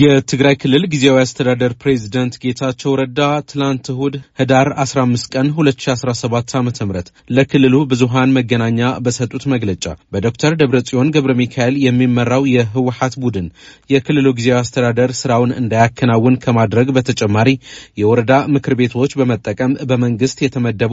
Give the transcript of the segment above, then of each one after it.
የትግራይ ክልል ጊዜያዊ አስተዳደር ፕሬዚደንት ጌታቸው ረዳ ትላንት እሁድ ህዳር 15 ቀን 2017 ዓ ም ለክልሉ ብዙሃን መገናኛ በሰጡት መግለጫ በዶክተር ደብረጽዮን ገብረ ሚካኤል የሚመራው የህወሀት ቡድን የክልሉ ጊዜያዊ አስተዳደር ስራውን እንዳያከናውን ከማድረግ በተጨማሪ የወረዳ ምክር ቤቶች በመጠቀም በመንግስት የተመደቡ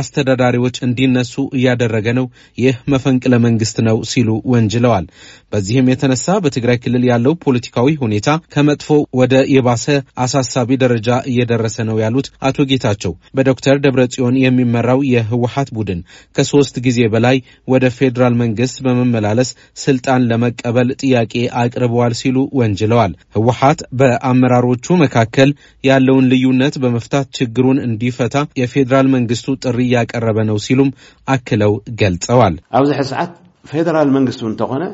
አስተዳዳሪዎች እንዲነሱ እያደረገ ነው። ይህ መፈንቅለ መንግስት ነው ሲሉ ወንጅለዋል። በዚህም የተነሳ በትግራይ ክልል ያለው ፖለቲካዊ ሁኔታ ሁኔታ ከመጥፎ ወደ የባሰ አሳሳቢ ደረጃ እየደረሰ ነው ያሉት አቶ ጌታቸው በዶክተር ደብረ ጽዮን የሚመራው የህወሀት ቡድን ከሶስት ጊዜ በላይ ወደ ፌዴራል መንግስት በመመላለስ ስልጣን ለመቀበል ጥያቄ አቅርበዋል ሲሉ ወንጅለዋል። ህወሀት በአመራሮቹ መካከል ያለውን ልዩነት በመፍታት ችግሩን እንዲፈታ የፌዴራል መንግስቱ ጥሪ እያቀረበ ነው ሲሉም አክለው ገልጸዋል። ኣብዚ ሕዚ ሰዓት ፌደራል መንግስቲ እንተኾነ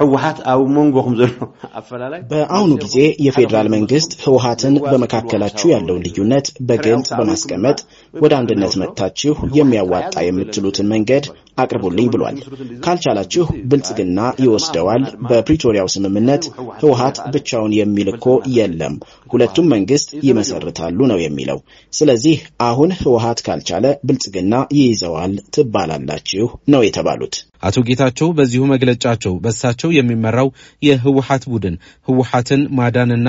ህወሀት ኣብ መንጎኹም ዘሎ ኣፈላላይ በአሁኑ ጊዜ የፌዴራል መንግስት ህወሀትን በመካከላችሁ ያለውን ልዩነት በግልጽ በማስቀመጥ ወደ አንድነት መጥታችሁ የሚያዋጣ የምትሉትን መንገድ አቅርቡልኝ ብሏል። ካልቻላችሁ ብልጽግና ይወስደዋል። በፕሪቶሪያው ስምምነት ህወሀት ብቻውን የሚል እኮ የለም፣ ሁለቱም መንግስት ይመሰርታሉ ነው የሚለው። ስለዚህ አሁን ህወሀት ካልቻለ ብልጽግና ይይዘዋል ትባላላችሁ ነው የተባሉት። አቶ ጌታቸው በዚሁ መግለጫቸው በሳቸው የሚመራው የህወሀት ቡድን ህወሀትን ማዳንና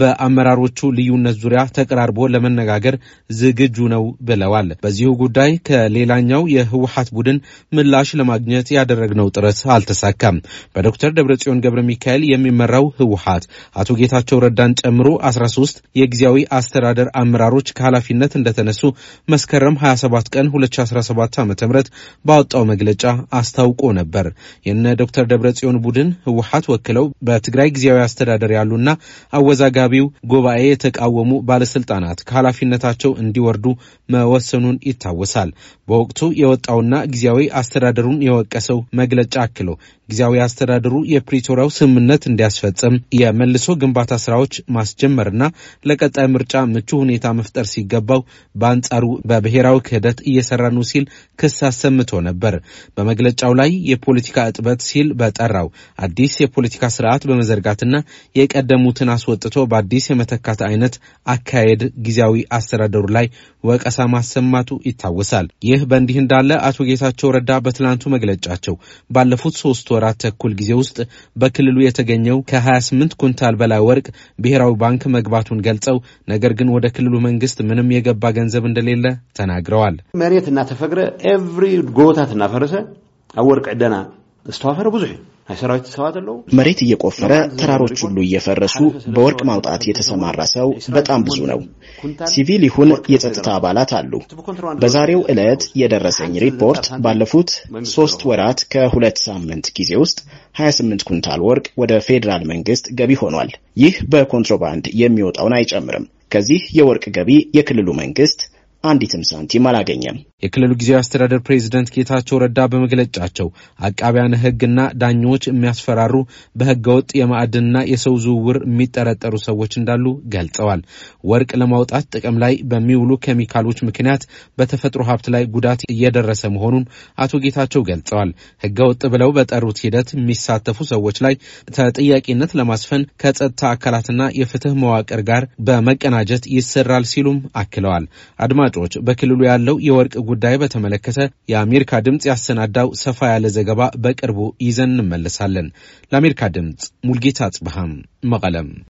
በአመራሮቹ ልዩነት ዙሪያ ተቀራርቦ ለመነጋገር ዝግጁ ነው ብለዋል። በዚሁ ጉዳይ ከሌላኛው የህወሀት ቡድን ምላሽ ለማግኘት ያደረግነው ጥረት አልተሳካም። በዶክተር ደብረጽዮን ገብረ ሚካኤል የሚመራው ህወሀት አቶ ጌታቸው ረዳን ጨምሮ 13 የጊዜያዊ አስተዳደር አመራሮች ከኃላፊነት እንደተነሱ መስከረም 27 ቀን 2017 ዓ ም ባወጣው መግለጫ አስታው አውቆ ነበር። የነ ዶክተር ደብረጽዮን ቡድን ህወሓት ወክለው በትግራይ ጊዜያዊ አስተዳደር ያሉና አወዛጋቢው ጉባኤ የተቃወሙ ባለስልጣናት ከኃላፊነታቸው እንዲወርዱ መወሰኑን ይታወሳል። በወቅቱ የወጣውና ጊዜያዊ አስተዳደሩን የወቀሰው መግለጫ አክሎ ጊዜያዊ አስተዳደሩ የፕሪቶሪያው ስምምነት እንዲያስፈጽም የመልሶ ግንባታ ስራዎች ማስጀመርና ለቀጣይ ምርጫ ምቹ ሁኔታ መፍጠር ሲገባው በአንጻሩ በብሔራዊ ክህደት እየሰራ ነው ሲል ክስ አሰምቶ ነበር። በመግለጫው ላይ የፖለቲካ እጥበት ሲል በጠራው አዲስ የፖለቲካ ስርዓት በመዘርጋትና የቀደሙትን አስወጥቶ በአዲስ የመተካት አይነት አካሄድ ጊዜያዊ አስተዳደሩ ላይ ወቀሳ ማሰማቱ ይታወሳል። ይህ በእንዲህ እንዳለ አቶ ጌታቸው ረዳ በትላንቱ መግለጫቸው ባለፉት ሶስት ወራት ተኩል ጊዜ ውስጥ በክልሉ የተገኘው ከ28 ኩንታል በላይ ወርቅ ብሔራዊ ባንክ መግባቱን ገልጸው ነገር ግን ወደ ክልሉ መንግስት ምንም የገባ ገንዘብ እንደሌለ ተናግረዋል። መሬት እናተፈግረ ኤቭሪ ጎታት ትናፈርሰ ኣብ ወርቂ ዕደና ዝተዋፈረ ብዙሕ እዩ ናይ ሰራዊት ሰባት ኣለዉ መሬት እየቆፈረ ተራሮች ሁሉ እየፈረሱ በወርቅ ማውጣት የተሰማራ ሰው በጣም ብዙ ነው። ሲቪል ይሁን የጸጥታ አባላት አሉ። በዛሬው ዕለት የደረሰኝ ሪፖርት ባለፉት ሶስት ወራት ከሁለት ሳምንት ጊዜ ውስጥ 28 ኩንታል ወርቅ ወደ ፌዴራል መንግስት ገቢ ሆኗል። ይህ በኮንትሮባንድ የሚወጣውን አይጨምርም። ከዚህ የወርቅ ገቢ የክልሉ መንግስት አንዲትም ሳንቲም አላገኘም። የክልሉ ጊዜያዊ አስተዳደር ፕሬዚደንት ጌታቸው ረዳ በመግለጫቸው አቃቢያን ሕግና ዳኞች የሚያስፈራሩ ወጥ የማዕድንና የሰው ዝውውር የሚጠረጠሩ ሰዎች እንዳሉ ገልጸዋል። ወርቅ ለማውጣት ጥቅም ላይ በሚውሉ ኬሚካሎች ምክንያት በተፈጥሮ ሀብት ላይ ጉዳት እየደረሰ መሆኑን አቶ ጌታቸው ገልጸዋል። ወጥ ብለው በጠሩት ሂደት የሚሳተፉ ሰዎች ላይ ተጠያቂነት ለማስፈን ከጸጥታ አካላትና የፍትህ መዋቅር ጋር በመቀናጀት ይሰራል ሲሉም አክለዋል። አድማ አድማጮች በክልሉ ያለው የወርቅ ጉዳይ በተመለከተ የአሜሪካ ድምፅ ያሰናዳው ሰፋ ያለ ዘገባ በቅርቡ ይዘን እንመለሳለን። ለአሜሪካ ድምፅ ሙልጌታ አጽብሃም መቀለም